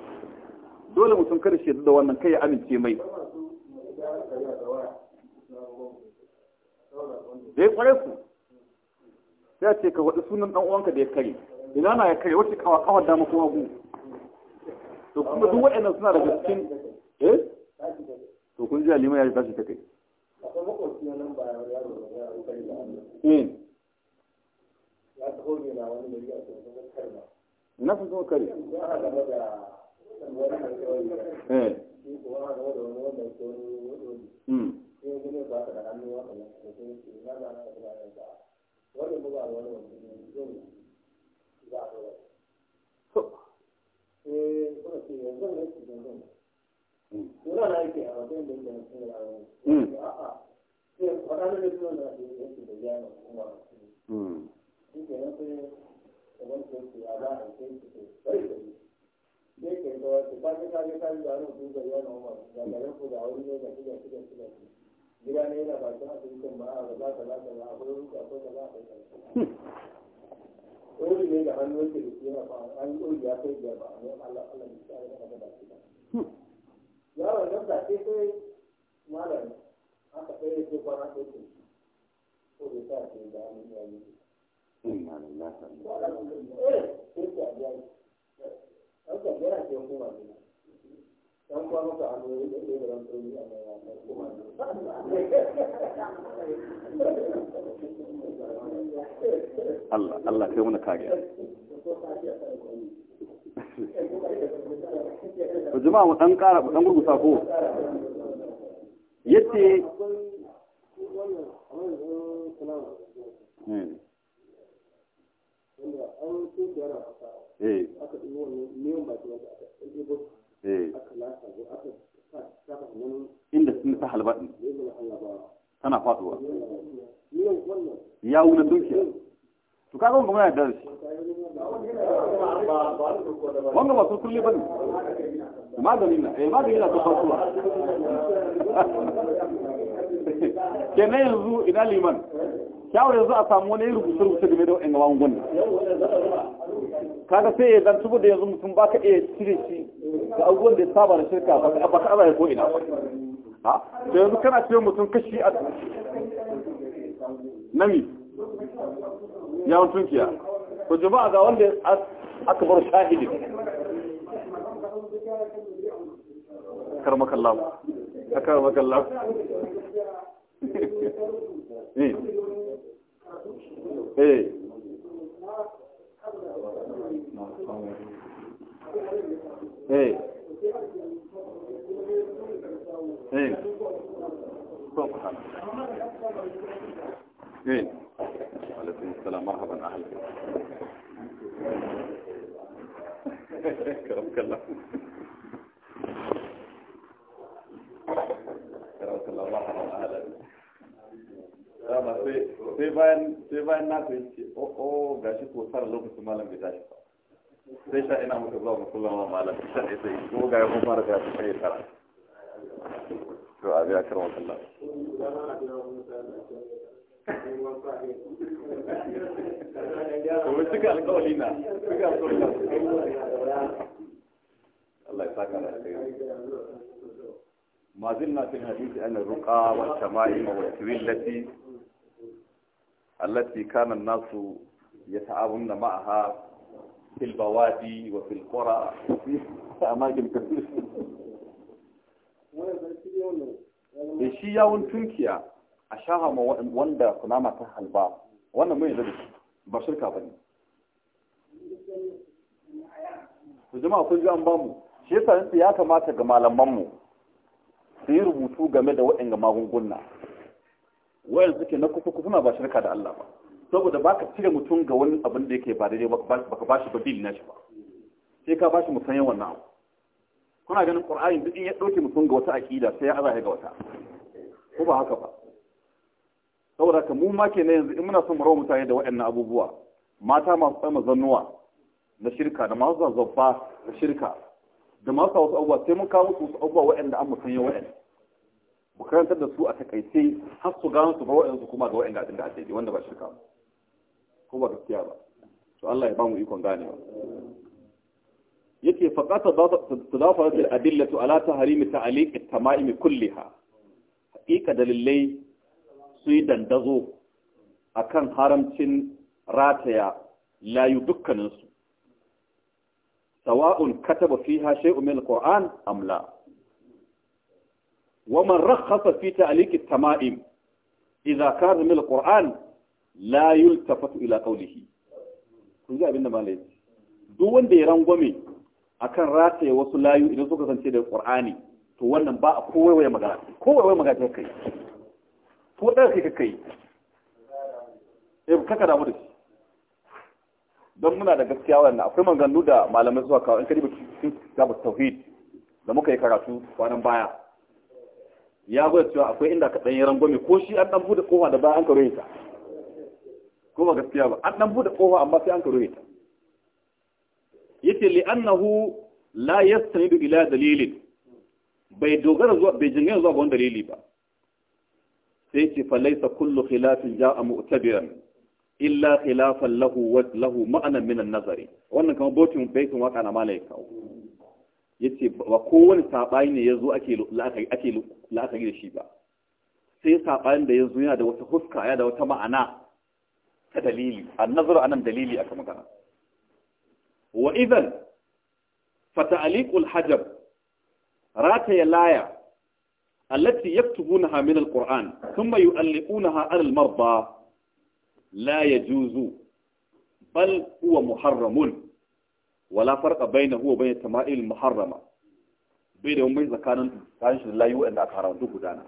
dole mutum kada shi da wannan kai ya amince mai da ya kware ku sai a ce ka waɗi sunan ɗan uwanka da ya kare ina na ya kare wacce kawa kawar dama kuma gu to kuma duk waɗannan suna daga cikin eh to kun ji alima ya tashi ta kai Ina sun kuma kare eh sai wani ba ka da hannu wata na da sai ce na ba na kuma ya ta wani buga wani wani ne zan za a ba eh kuma ce yanzu ne ki zan zan kuma na yake a wajen da yake sun da wani a'a sai kwanan da zuwa da yake da yana kuma shi ke nan sai wani ko ki a ba a sai ki sai sai yake da wata kwanaka ne kan da rubutu da yana kuma da garin ku da wuri ne da kike kike kike gida ne yana bakin asibitin ba a a kaza kaza akwai rubuta akwai a akwai kaza ɗori hmm. ne da hannun ke da ke yana ba an ɗori ya kai biya ba a nan allah allah ne ta yi da baki ba hmm. yaron nan da ke sai malam aka ɗaya ce kwana ɗaya ce ko da sa ke da hannun ya yi Inna lillahi wa inna ilaihi Eh, sai ta biya. Sai ta y'a ce kuma ne. dan kwa maka a da ɗaya da rantsoni a kuma Allah Allah kai wani kariya to jama'a mu dan kara mu dan gurgusa ko yace hmm. Eh. Eh. inda sun ta tana faɗuwa ya wuna dukiya to kaga muna da shi ba su kulle ba ne magani na eh magani na ta faɗuwa kenan yanzu ina liman shawar yanzu a samu wani rubuce-rubuce game da wa'in magungunan kaga sai ya zan tubu da yanzu mutum ba ka iya cire shi ga abubuwan da ya saba da shirka ba ka aza ya ko ina ha da yanzu kana cire mutum kashi a nami yawon tunkiya ko jama'a ga wanda aka bar shahidin karmakallahu akarmakallahu eh. ايه ايه ايه ايه وعليكم السلام مرحبا اهلا كرمك الله مرحبا اهلا sai bayan sai bayan na sai ce o o gashi ko fara lokacin malam bai tashi ba sai sha ina muka zuwa musulman malam sai sai ko ga ya fara ga sai tara to a ga karwan Allah kuma suka alkawali na suka alkawali na Allah ya saka na kai ما زلنا في الحديث عن الرقى والشمائم والسويلة التي كان الناس يتعاونون معها في البوادي وفي القرى وفي أماكن كثيرة da shi yawon tunkiya a shaha ma wanda kunama ta halba wannan mai zai ba shirka ba ne su jima kun ji an ba mu shi yasa ya kamata ga malamanmu su yi rubutu game da waɗanda magunguna wayan suke na kufu kufu na ba shirka da Allah ba saboda baka cire mutum ga wani abin da yake ba daidai ba ka ba dili na shi ba sai ka bashi musanyen wannan abu kuna ganin qur'ani duk in ya dauke mutum ga wata aqida sai ya azahe ga wata ko ba haka ba saboda ka mu ma kenan yanzu in muna son mu rawa mutane da waɗannan abubuwa mata masu tsama zannuwa na shirka da masu zazzaba na shirka da masu wasu abubuwa sai mun kawo su wasu abubuwa waɗanda an musanyen waɗanda ku karantar da su a takaice har su gano su ba waɗansu kuma ga waɗanda abin da wanda ba shirka ba ko ba gaskiya ba to Allah ya ba mu ikon ganewa yake faqata tadafarat al-adillatu ala tahrim ta'liq at-tama'im kulliha haqiqa dalilai su yi dandazo akan haramcin rataya layu dukkaninsu sawa'un kataba fiha shay'un min al-qur'an am la ومن رخص في تعليق التمائم إذا كان من القرآن لا يلتفت إلى قوله kun ji abin da malai duk wanda أكان rangwame وصل لا يلتفت إلى idan suka zance da قوة to wannan ba a kowaye magana kowaye magana ta kai ko kaka da shi don muna da gaskiya wannan akwai maganganu da malamai zuwa kawo in kadi ba cikin kitab tauhid da muka yi karatu kwanan baya ya gwada cewa akwai inda ka ɗanyi rangwame ko shi an ɗan buɗe ƙofa da bayan an ka roye ta ko ba gaskiya ba an ɗan buɗe ƙofa amma sai an ka roye ta yace li'annahu la yastanidu ila dalilin bai dogara zuwa bai jingina zuwa ga wani dalili ba sai ce fa laysa kullu khilafin ja'a mu'tabiran illa khilafan lahu wa lahu ma'anan min an-nazari wannan kamar botin baitin waka na malaika ya ce ba kowane saɓani ne ya zo ake la'akari da shi ba sai saɓani da ya zo yana da wata huska yana da wata ma'ana ta dalili an nazar anan dalili aka magana wa idan fata'aliqul hajab rataya laya allati yaktubunaha min alquran thumma yu'alliqunaha ala almarda la juzu bal huwa muharramun wala farka farqa bainahu wa bain tama'il muharrama bai da mai tsakanin kayan shi da layu wanda aka haramta gudana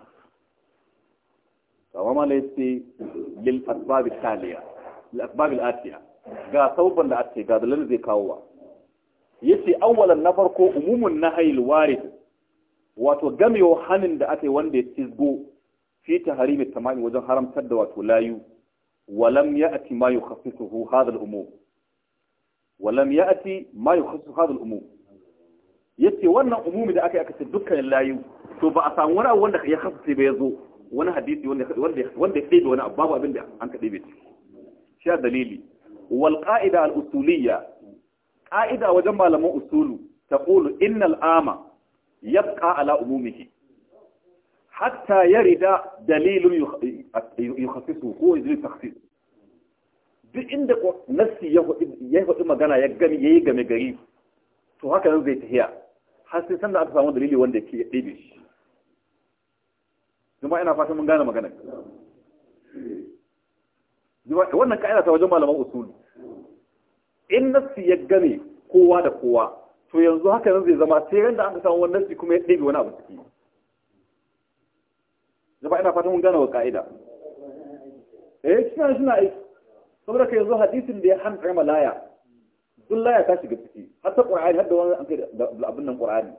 kama ma la yace lil asbab taliya lil asbab atiya ga sauban da ake ga dalilin zai kawo wa yace awwalan na farko umumun nahayil warid wato gamewa hanin da aka yi wanda ya tisgo fi tahrimi Tama'il wajen haramtar da wato layu walam ya'ti ma yukhaffifuhu hadha al-umum walam ya ati ma yi kusa hadal umu ya ce wannan umumi da aka yi aka ce dukkanin layu to ba a samu wani abu wanda ya kasance ba ya zo wani hadisi wanda ya ɗebe wani abu babu abin da an ka ɗebe ciki shi a dalili wal ƙa'ida al usuliyya ƙa'ida wajen malaman usulu ta ƙulu innal ama yabqa ala umumihi hatta yarida dalilun ko duk inda nassi ya faɗi magana ya gami ya yi game gari to haka nan zai tafiya har sai sanda aka samu dalili wanda ke ya ɗebe shi kuma ina fatan mun gane magana wannan ka'ida ta wajen malaman usul in nassi ya game kowa da kowa to yanzu haka nan zai zama sai randa aka samu wannan nassi kuma ya ɗebe wani abu ciki zuma ina fatan mun gane wa ka'ida eh suna suna aiki saboda ka yanzu hadisin da ya hana laya, duk laya ta shiga ciki har ta qur'ani har da wani an kai da abin nan qur'ani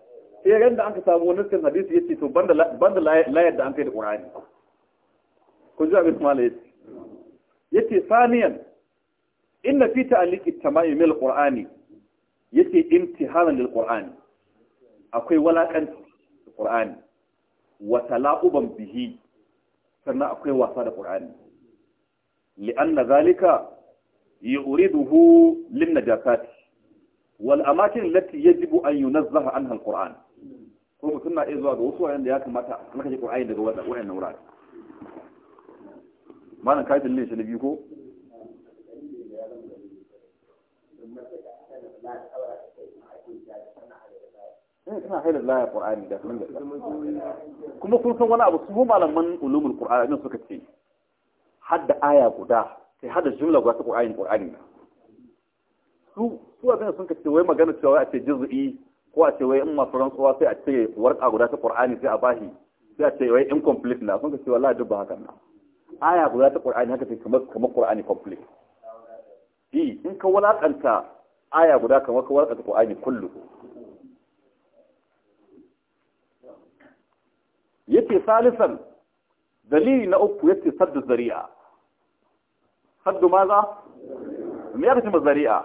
sai yayin da an ka samu wani cikin hadisi yace to banda banda layar da an kai da qur'ani ku ji abin mala yace yace saniyan inna fi ta'liqi tamayum al qur'ani yace imtihanan lil qur'ani akwai walakanci qur'ani wa tala'uban bihi sannan akwai wasa da qur'ani li'anna zalika yuriduhu lin najasat wal amakin allati yajibu an yunazzaha anha alquran ko mutum na iya zuwa ga wasu wayanda ya kamata a kaje qur'ani daga wayannan wurare malam kai biyu ko laya ƙwar'ani da kuma kun san wani abu su malaman ulumul ƙwar'ani suka ce hadda aya guda sai hadda jumla guda ta Qur'ani Qur'ani na su su abin sun kace wai magana cewa a ce juz'i ko a ce wai in masu rantsuwa sai a ce warka guda ta ƙur'ani sai a bashi sai a ce wai incomplete na sun kace wallahi duk ba haka na aya guda ta Qur'ani haka sai kamar kamar Qur'ani complete eh in ka walaƙanta aya guda kamar ka walakanta ƙur'ani kullu yace salisan dalili na uku yace sadda zari'a haddu maza me yake cewa zari'a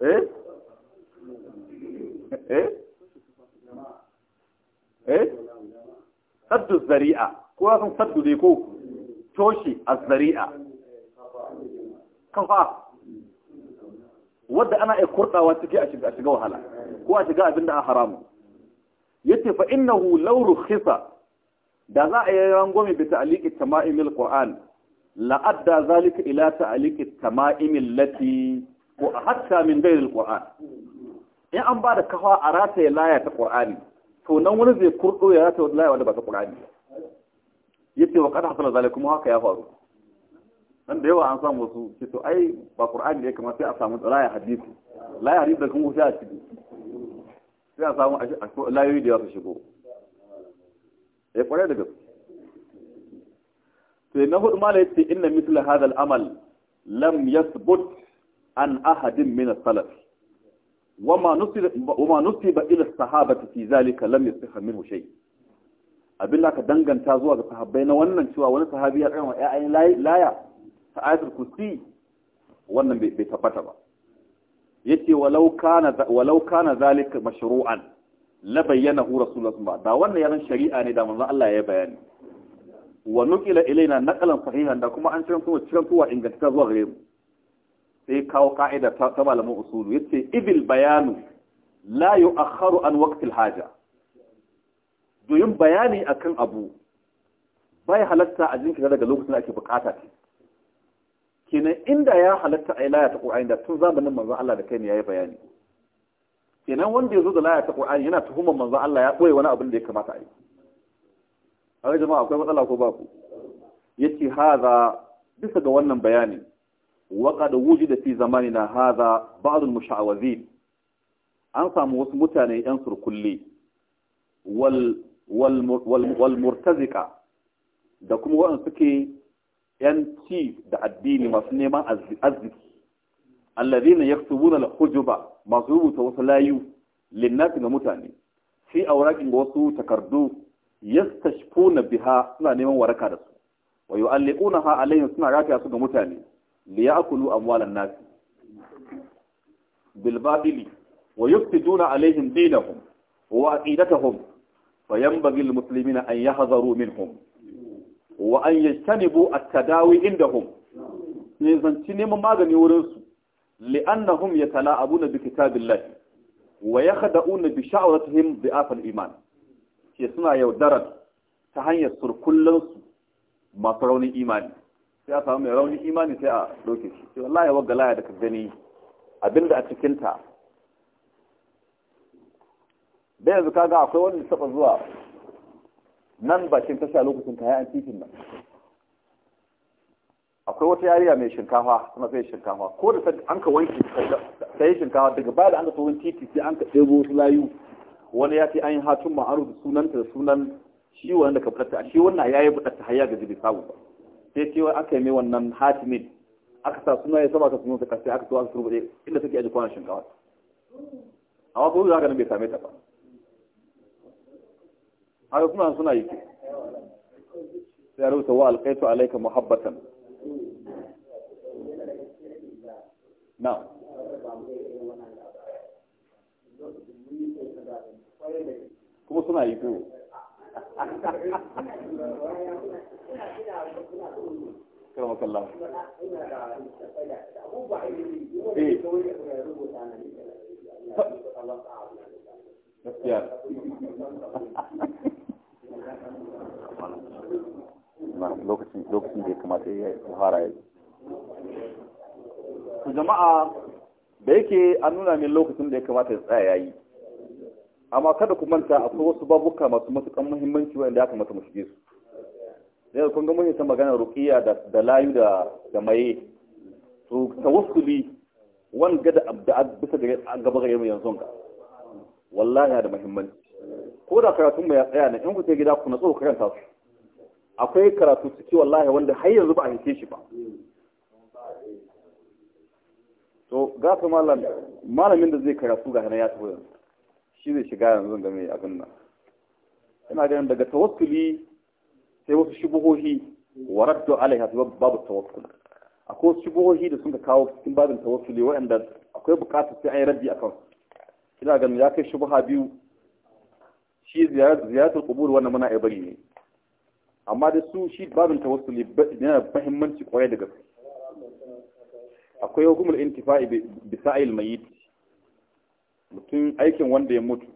eh eh eh haddu zari'a ko san saddu dai ko toshi az-zari'a kafa wadda ana iya kurdawa ciki a shiga wahala ko a shiga abinda a haramu yace fa innahu law rukhisa da za a yi rangwame bi ta'liqi tama'imil qur'an la'adda zalika ila ta'aliki tama'imin lati ko hatta min gairil alquran in an ba da kafa a rataye laya ta qur'ani to nan wani zai kurdo ya rataye laya wanda ba ta qur'ani yace wa qad hasala kuma haka ya faru dan da yawa an samu wasu ce to ai ba qur'ani ne kamar sai a samu laya hadisi laya hadisi da kun sai a ciki sai a samu a layoyi da ya su shigo eh kware da gaske sai na hudu mala yace inna misla hadha al-amal lam yathbut an ahadin min as-salaf wama nusiba wama nusiba ila as-sahabati fi zalika lam yasihha minhu shay abin ka danganta zuwa ga sahabbai na wannan cewa wani sahabi ya tsaya ƴaƴan laya ta ayatul kursi wannan bai tabbata ba yace walau kana walau kana zalika mashru'an la bayyanahu rasulullah da wannan yaran shari'a ne da manzon Allah ya bayani wa nukila ilaina naqalan sahihan da kuma an cikin kuma cikin kuwa ingantaka zuwa gare mu sai kawo ka'ida ta malaman usulu yace ibil bayanu la yu'akhkharu an al haja doyin bayani akan abu bai halatta a jinkira daga lokacin da ake bukata ce kenan inda ya halatta a laya ta Qur'ani da tun zamanin manzon Allah da kai ne yayi bayani kenan wanda yazo da laya ta Qur'ani yana tuhumar manzon Allah ya boye wani abin da ya kamata a yi Akwai jama'a akwai matsala ko babu yace haza bisa ga wannan bayani waqad wujida fi zamanina haza ba'd al-musha'awazin an samu wasu mutane yan surkulli wal wal murtazika da kuma waɗanda suke yan ci da addini masu neman arziki alladhina yaktubuna al-hujuba masu rubuta wasu layu linnati ga mutane fi aurakin ga wasu takardu yastashfuna biha suna neman waraka da su wa yu'alliqunaha alaihim suna rataya su ga mutane li ya'kulu amwalan nas bil batili wa yuftiduna alaihim dinahum wa aqidatahum fayanbaghi lil muslimina an min minhum wa an yajtanibu at-tadawi indahum ne zanci neman magani wurin su li'annahum yatala'abuna bi kitabillahi wa yakhda'una bi sha'ratihim bi'afal iman ke suna yaudarar ta hanyar su masu raunin imani sai a samu mai raunin imani sai a ɗauke shi sai wallahi wagga laya da ka gani abinda a cikinta da yanzu kaga akwai wanda saba zuwa nan bakin tasha lokacin kayan titin nan akwai wata yariya mai shinkafa kuma sai shinkafa ko da an ka wanke yi shinkafa daga baya da an ka tsohon titi sai an ka ɗebo su layu wani ya ce an yi hatun ma'aru da sunanta da sunan shi wanda ka fitatta a shi wannan ya yi buɗatta har ya gaji bai samu ba sai ce wai aka yi mai wannan hatimin aka sa suna ya sama ka sunan ta kasai aka tuwa aka turbuɗe inda suke aji kwanan shinkawa a wasu wuzu haka nan bai same ta ba haka suna suna yi sai ya rubuta wa alkaitu alaika muhabbatan na kuma suna yi kuma eh. lokacin da ya kamata ya fara jama'a da yake an nuna min lokacin da ya kamata ya tsaya yayi amma kada ku manta akwai wasu babuka masu matukan muhimmanci wanda ya kamata mu shige su yanzu kun ga mun ta magana ruqiya da da layu da da maye to tawassuli wanga da da bisa ga gaba gare mu yanzu ka wallahi yana da muhimmanci ko da karatun mu ya tsaya ne in ku ce gida ku na tsoro karanta su akwai karatu ciki wallahi wanda har yanzu ba a hike shi ba to ga malamin da zai karatu ga hana ya tafi yanzu shi zai shiga yanzu ga mai abin nan ina ganin daga tawakkuli sai wasu shubuhohi wa raddu alaiha babu tawakkul akwai wasu shubuhohi da sun ka kawo cikin babin tawakkuli waɗanda akwai buƙatar sai an yi raddi akan ina ganin ya kai shubuha biyu shi ziyaratul qubur wannan muna bari ne amma da su shi babin tawassuli yana da muhimmanci kwarai da gaske akwai hukumar intifa'i bi sa'il mayyit mutum aikin wanda ya mutu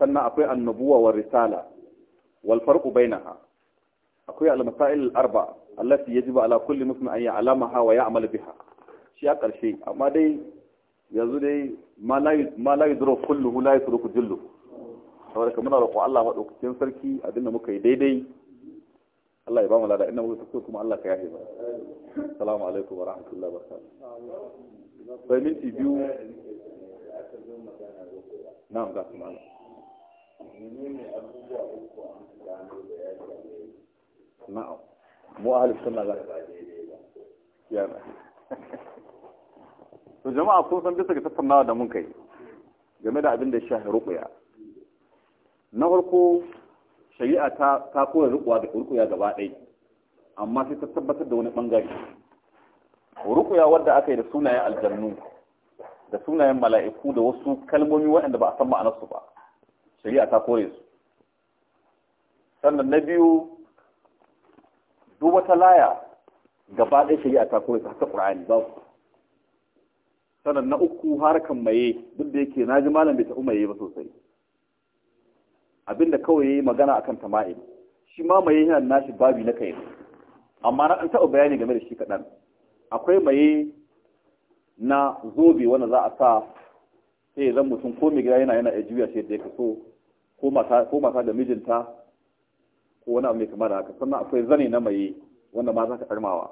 sannan akwai annabuwa wa risala wal farqu bainaha akwai al-masail al-arba allati yajibu ala kulli muslim an ya'lamaha wa ya'mal biha shi a karshe amma dai yanzu dai ma la yudru kulluhu la yudru jullu saboda kamar na roƙo Allah madaukakin sarki abinda muka yi daidai Allah ya ba mu lada inna muka tsoko kuma Allah ka yafe ba assalamu alaikum wa rahmatullahi wa barakatuh sai minti biyu na'am ga na'am mu na ya na to jama'a kun san bisa ga tattaunawa da mun kai game da abin da na farko shari'a ta ta koya da ruqya gaba ɗaya amma sai ta tabbatar da wani bangare ruqya wanda aka yi da sunayen aljannu da sunayen mala'iku da wasu kalmomi waɗanda ba a san ma'anarsu ba shari'a ta kore su sannan na biyu duk wata laya gaba ɗaya shari'a ta kore su, haka ƙura'ani ba sannan na uku harkan maye duk da yake na ji malam bai taɓa maye ba sosai abinda kawai ya yi magana a kan tama'il shi ma maye yana nashi babi na kai amma na ɗan taɓa bayani game da shi kaɗan akwai maye na zobe wanda za a sa sai zan mutum ko mai gida yana yana ya juya shi da ya kaso ko mata da mijinta ko wani abu mai kama da haka sannan akwai zane na maye wanda ma za ka armawa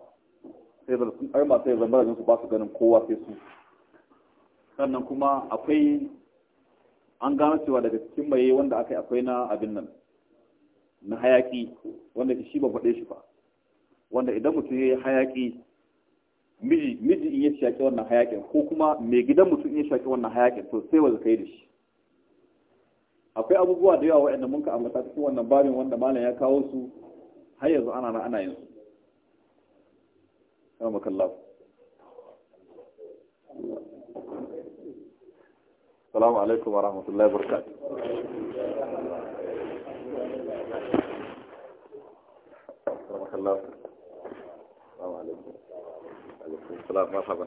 sai zan sun arma sai zan barajin su ba su ganin kowa sai su sannan kuma akwai an gano cewa daga cikin maye wanda aka yi akwai na abin nan na hayaki wanda shi ba faɗe shi ba wanda idan mutum ya yi hayaki miji miji in ya shaƙi wannan hayaƙin ko kuma mai gidan mutum in ya shaƙi wannan hayaƙin to sai wanda kai da shi akwai abubuwa da yawa waɗanda mun ka ambata cikin wannan babin wanda malam ya kawo su har yanzu ana na ana yin su kama kallahu السلام عليكم ورحمة الله وبركاته السلام السلام مرحبا